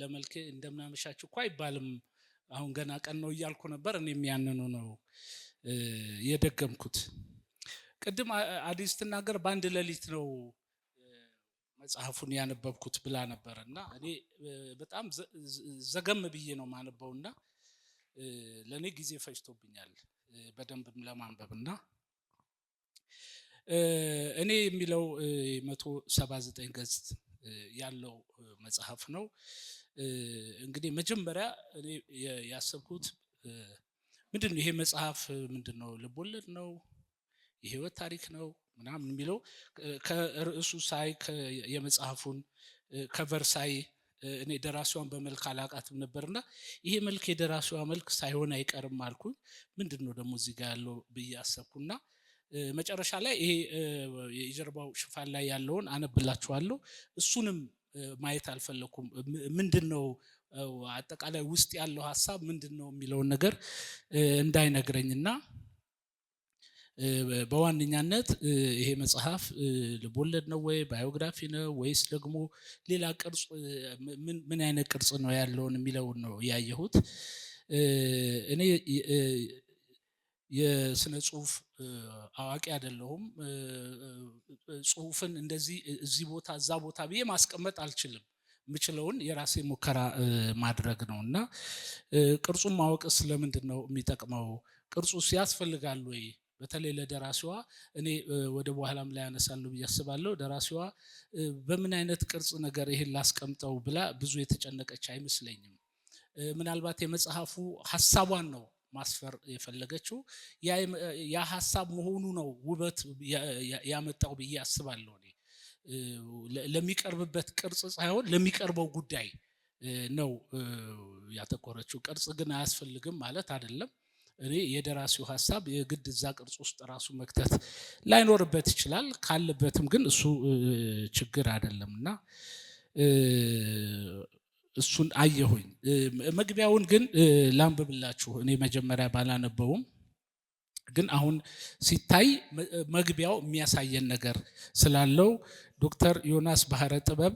ለመልክ እንደምናመሻችሁ እኳ አይባልም። አሁን ገና ቀን ነው እያልኩ ነበር። እኔም ያንኑ ነው የደገምኩት። ቅድም አዲስ ስትናገር በአንድ ሌሊት ነው መጽሐፉን ያነበብኩት ብላ ነበር እና እኔ በጣም ዘገም ብዬ ነው ማነበው እና ለእኔ ጊዜ ፈጅቶብኛል በደንብም ለማንበብ እና እኔ የሚለው መቶ ሰባ ዘጠኝ ገጽ ያለው መጽሐፍ ነው። እንግዲህ መጀመሪያ እኔ ያሰብኩት ምንድን ነው ይሄ መጽሐፍ ምንድን ነው? ልቦለድ ነው? የህይወት ታሪክ ነው ምናምን የሚለው ከርዕሱ ሳይ የመጽሐፉን ከቨር ሳይ እኔ ደራሲዋን በመልክ አላቃትም ነበርና ይሄ መልክ የደራሲዋ መልክ ሳይሆን አይቀርም አልኩኝ። ምንድን ነው ደግሞ እዚህ ጋር ያለው ብዬ አሰብኩና መጨረሻ ላይ ይሄ የጀርባው ሽፋን ላይ ያለውን አነብላችኋለሁ። እሱንም ማየት አልፈለኩም። ምንድን ነው አጠቃላይ ውስጥ ያለው ሀሳብ ምንድን ነው የሚለውን ነገር እንዳይነግረኝና በዋነኛነት ይሄ መጽሐፍ ልቦለድ ነው ወይ ባዮግራፊ ነው ወይስ ደግሞ ሌላ ቅርጽ፣ ምን አይነት ቅርጽ ነው ያለውን የሚለውን ነው ያየሁት እኔ የስነ ጽሁፍ አዋቂ አይደለሁም። ጽሁፍን እንደዚህ እዚህ ቦታ እዛ ቦታ ብዬ ማስቀመጥ አልችልም። የምችለውን የራሴ ሙከራ ማድረግ ነው እና ቅርጹን ማወቅስ ስለምንድን ነው የሚጠቅመው? ቅርጹስ ያስፈልጋል ወይ? በተለይ ለደራሲዋ እኔ ወደ በኋላም ላይ ያነሳለሁ ብዬ አስባለሁ። ደራሲዋ በምን አይነት ቅርጽ ነገር ይህን ላስቀምጠው ብላ ብዙ የተጨነቀች አይመስለኝም። ምናልባት የመጽሐፉ ሀሳቧን ነው ማስፈር የፈለገችው ያ ሀሳብ መሆኑ ነው ውበት ያመጣው ብዬ አስባለሁ። እኔ ለሚቀርብበት ቅርጽ ሳይሆን ለሚቀርበው ጉዳይ ነው ያተኮረችው። ቅርጽ ግን አያስፈልግም ማለት አይደለም። እኔ የደራሲው ሀሳብ የግድ እዛ ቅርጽ ውስጥ ራሱ መክተት ላይኖርበት ይችላል። ካለበትም ግን እሱ ችግር አይደለም እና እሱን አየሁኝ። መግቢያውን ግን ላንብብላችሁ። እኔ መጀመሪያ ባላነበውም ግን አሁን ሲታይ መግቢያው የሚያሳየን ነገር ስላለው ዶክተር ዮናስ ባህረ ጥበብ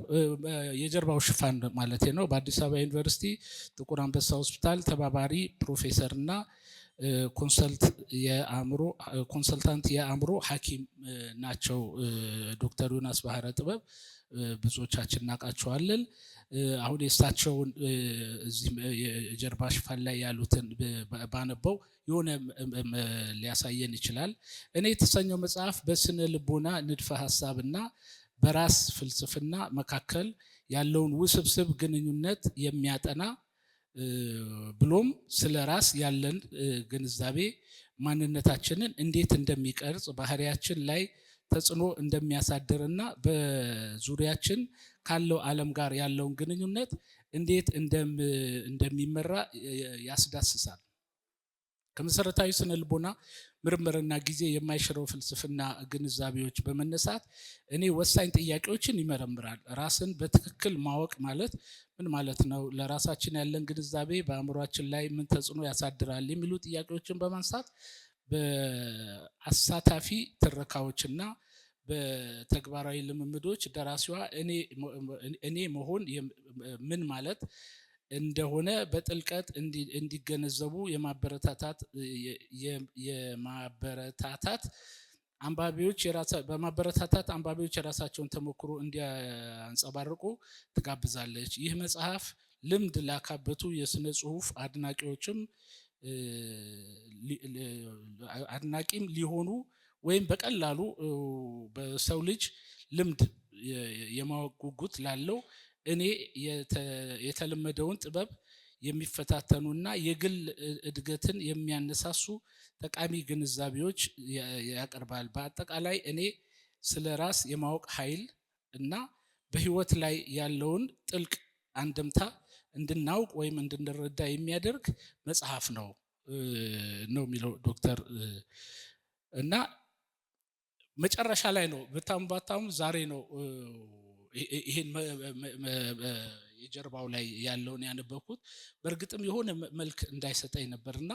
የጀርባው ሽፋን ማለት ነው፣ በአዲስ አበባ ዩኒቨርሲቲ ጥቁር አንበሳ ሆስፒታል ተባባሪ ፕሮፌሰር እና ኮንሰልታንት የአእምሮ ሐኪም ናቸው። ዶክተር ዮናስ ባህረ ጥበብ ብዙዎቻችን እናውቃቸዋለን። አሁን የእሳቸውን እዚህ የጀርባ ሽፋን ላይ ያሉትን ባነበው የሆነ ሊያሳየን ይችላል። እኔ የተሰኘው መጽሐፍ በስነ ልቦና ንድፈ ሀሳብና በራስ ፍልስፍና መካከል ያለውን ውስብስብ ግንኙነት የሚያጠና ብሎም ስለ ራስ ያለን ግንዛቤ ማንነታችንን እንዴት እንደሚቀርጽ ባህሪያችን ላይ ተጽዕኖ እንደሚያሳድርና በዙሪያችን ካለው ዓለም ጋር ያለውን ግንኙነት እንዴት እንደሚመራ ያስዳስሳል። ከመሰረታዊ ስነ ልቦና ምርምርና ጊዜ የማይሽረው ፍልስፍና ግንዛቤዎች በመነሳት እኔ ወሳኝ ጥያቄዎችን ይመረምራል። ራስን በትክክል ማወቅ ማለት ምን ማለት ነው? ለራሳችን ያለን ግንዛቤ በአእምሯችን ላይ ምን ተጽዕኖ ያሳድራል? የሚሉ ጥያቄዎችን በማንሳት በአሳታፊ ትረካዎችና በተግባራዊ ልምምዶች ደራሲዋ እኔ መሆን ምን ማለት እንደሆነ በጥልቀት እንዲገነዘቡ የማበረታታት የማበረታታት አንባቢዎች በማበረታታት አንባቢዎች የራሳቸውን ተሞክሮ እንዲያንጸባርቁ ትጋብዛለች። ይህ መጽሐፍ ልምድ ላካበቱ የስነ ጽሁፍ አድናቂዎችም አድናቂም ሊሆኑ ወይም በቀላሉ በሰው ልጅ ልምድ የማወቅ ጉጉት ላለው እኔ የተለመደውን ጥበብ የሚፈታተኑና የግል እድገትን የሚያነሳሱ ጠቃሚ ግንዛቤዎች ያቀርባል። በአጠቃላይ እኔ ስለ ራስ የማወቅ ኃይል እና በህይወት ላይ ያለውን ጥልቅ አንድምታ እንድናውቅ ወይም እንድንረዳ የሚያደርግ መጽሐፍ ነው ነው የሚለው ዶክተር እና መጨረሻ ላይ ነው ብታም ባታም ዛሬ ነው ይሄን የጀርባው ላይ ያለውን ያነበብኩት በእርግጥም የሆነ መልክ እንዳይሰጠኝ ነበር እና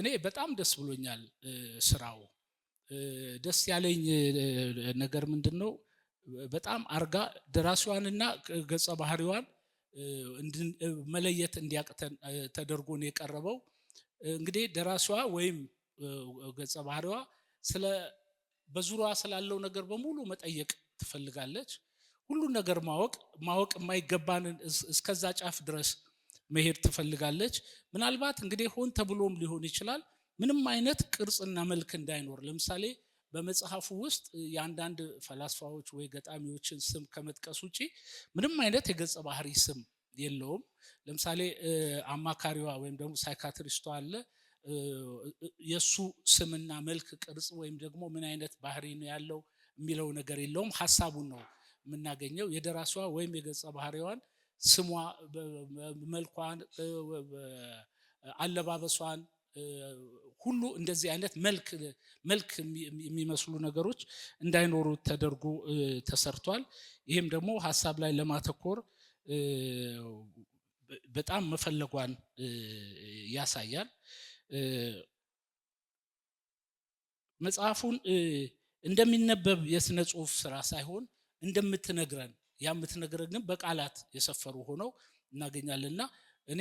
እኔ በጣም ደስ ብሎኛል። ስራው ደስ ያለኝ ነገር ምንድን ነው? በጣም አርጋ ደራሲዋንና ገጸ ባህሪዋን መለየት እንዲያቅተን ተደርጎን ነው የቀረበው። እንግዲህ ደራሲዋ ወይም ገጸ ባህሪዋ ስለ በዙሪያዋ ስላለው ነገር በሙሉ መጠየቅ ትፈልጋለች። ሁሉን ነገር ማወቅ ማወቅ የማይገባንን እስከዛ ጫፍ ድረስ መሄድ ትፈልጋለች። ምናልባት እንግዲህ ሆን ተብሎም ሊሆን ይችላል ምንም አይነት ቅርጽና መልክ እንዳይኖር። ለምሳሌ በመጽሐፉ ውስጥ የአንዳንድ ፈላስፋዎች ወይ ገጣሚዎችን ስም ከመጥቀስ ውጪ ምንም አይነት የገጸ ባህሪ ስም የለውም። ለምሳሌ አማካሪዋ ወይም ደግሞ ሳይካትሪስቷ አለ የእሱ ስምና መልክ ቅርጽ ወይም ደግሞ ምን አይነት ባህሪ ነው ያለው የሚለው ነገር የለውም። ሀሳቡን ነው የምናገኘው የደራሷ ወይም የገጸ ባህሪዋን ስሟ፣ መልኳን፣ አለባበሷን ሁሉ እንደዚህ አይነት መልክ መልክ የሚመስሉ ነገሮች እንዳይኖሩ ተደርጎ ተሰርቷል። ይህም ደግሞ ሀሳብ ላይ ለማተኮር በጣም መፈለጓን ያሳያል። መጽሐፉን እንደሚነበብ የስነ ጽሁፍ ስራ ሳይሆን እንደምትነግረን ያ የምትነግረን ግን በቃላት የሰፈሩ ሆነው እናገኛለንና እኔ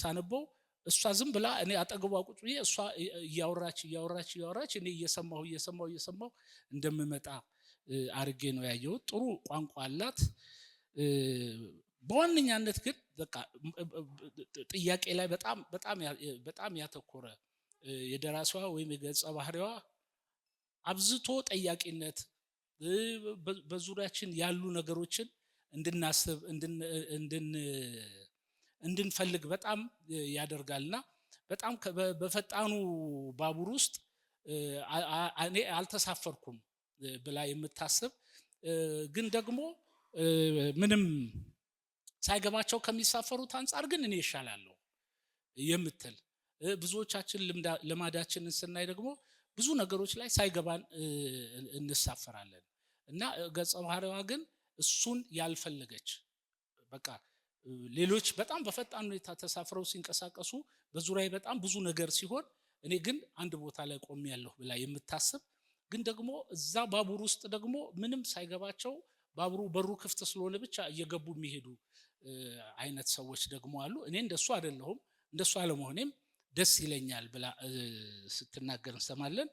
ሳነበው እሷ ዝም ብላ እኔ አጠገቧ ቁጭ ብዬ እሷ እያወራች እያወራች እያወራች እኔ እየሰማሁ እየሰማሁ እየሰማሁ እንደምመጣ አርጌ ነው ያየሁት። ጥሩ ቋንቋ አላት። በዋነኛነት ግን በቃ ጥያቄ ላይ በጣም ያተኮረ የደራሲዋ ወይም የገጸ ባህሪዋ አብዝቶ ጠያቂነት በዙሪያችን ያሉ ነገሮችን እንድናስብ እንድንፈልግ በጣም ያደርጋልና በጣም በፈጣኑ ባቡር ውስጥ እኔ አልተሳፈርኩም ብላ የምታስብ ግን ደግሞ ምንም ሳይገባቸው ከሚሳፈሩት አንጻር ግን እኔ ይሻላለሁ የምትል ብዙዎቻችን ልማዳችንን ስናይ ደግሞ ብዙ ነገሮች ላይ ሳይገባን እንሳፈራለን እና ገጸ ባህሪዋ ግን እሱን ያልፈለገች በቃ ሌሎች በጣም በፈጣን ሁኔታ ተሳፍረው ሲንቀሳቀሱ በዙሪያ በጣም ብዙ ነገር ሲሆን እኔ ግን አንድ ቦታ ላይ ያለሁ ብላ የምታስብ ግን ደግሞ እዛ ባቡር ውስጥ ደግሞ ምንም ሳይገባቸው ባቡሩ በሩ ክፍት ስለሆነ ብቻ እየገቡ የሚሄዱ አይነት ሰዎች ደግሞ አሉ። እኔ እንደሱ አይደለሁም። እንደሱ አለመሆኔም ደስ ይለኛል ብላ ስትናገር እንሰማለን።